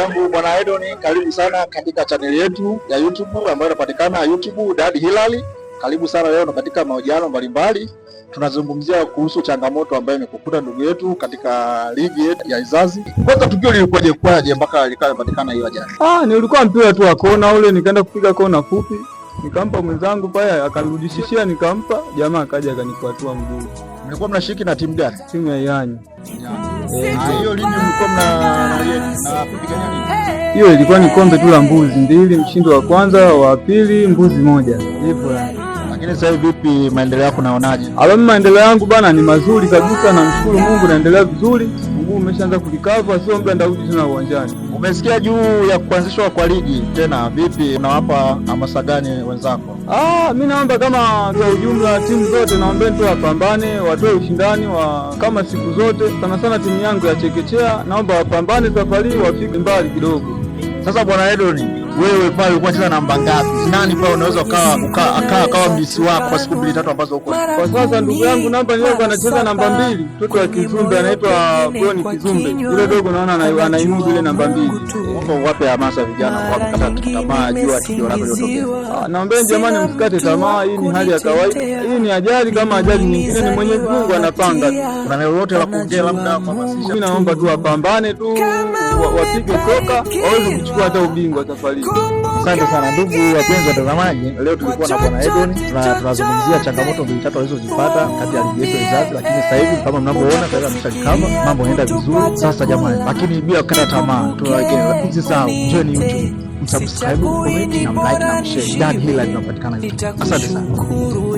Jambo bwana Edoni, karibu sana katika chaneli yetu ya YouTube ambayo inapatikana YouTube Dad Hilali. Karibu sana leo na katika mahojiano mbalimbali tunazungumzia kuhusu changamoto ambayo imekukuta ndugu yetu katika ligi yetu ya Izazi. Kwanza tukio lilikuwaje kwaje mpaka likapatikana hiyo ajali? Ah, nilikuwa mpira tu wa kona ule, nikaenda kupiga kona fupi, nikampa mwenzangu pale, akarudishishia nikampa, jamaa akaja akanifuatua mguu. Mlikuwa mnashiriki na timu gani? Timu ya Iyanyi eh, hiyo lini mlikuwa mna hiyo ilikuwa ni kombe tu la mbuzi mbili, mshindi wa kwanza wa pili mbuzi moja hivyo. Lakini sasa hivi vipi maendeleo yako unaonaje? Alafu maendeleo yangu bana ni mazuri kabisa, namshukuru Mungu, naendelea vizuri. Mguu umeshaanza kulikava, sio mbaya, ndarudi tena uwanjani. Umesikia juu ya kuanzishwa kwa ligi tena, vipi, unawapa hamasa gani wenzako? Ah, mi naomba kama kwa ujumla timu zote, naombeni tu wapambane, watoe ushindani wa kama siku zote, sana sana timu yangu ya chekechea, naomba wapambane safari, wafike mbali kidogo. Sasa Bwana Edoni wewe pale ulikuwa unacheza namba ngapi? Nani pale unaweza ukaa akaa kawa mlisi wako kwa siku mbili tatu ambazo uko kwa sasa? Ndugu yangu namba kwa anacheza namba mbili, mtoto wa Kizumbe anaitwa Goni Kizumbe, yule dogo naona anaimudu ile namba mbili. Mungu wape hamasa vijana kwa kukata tamaa, jua tukio lako lilotokea. Naomba jamani, msikate tamaa, hii ni hali ya kawaida, hii ni ajali kama ajali nyingine, ni Mwenyezi Mungu anapanga. Kuna neno lolote la kuongea labda kwa masisha? Mimi naomba tu wapambane tu, wapige soka, waweze kuchukua hata ubingwa safari Asante sana ndugu wapenzi watazamaji, leo tulikuwa na Bwana Edwin na tunazungumzia changamoto mbili tatu alizozipata kati ya ligi yetu ya lakini sasa hivi kama mnavyoona sasa ameshalikama, mambo yanaenda vizuri sasa jamani, lakini bila kukata tamaa, tunawaekea msisahau, njoni YouTube msubscribe, comment na mlike na mshare. Dad Hila linapatikana YouTube. Asante sana.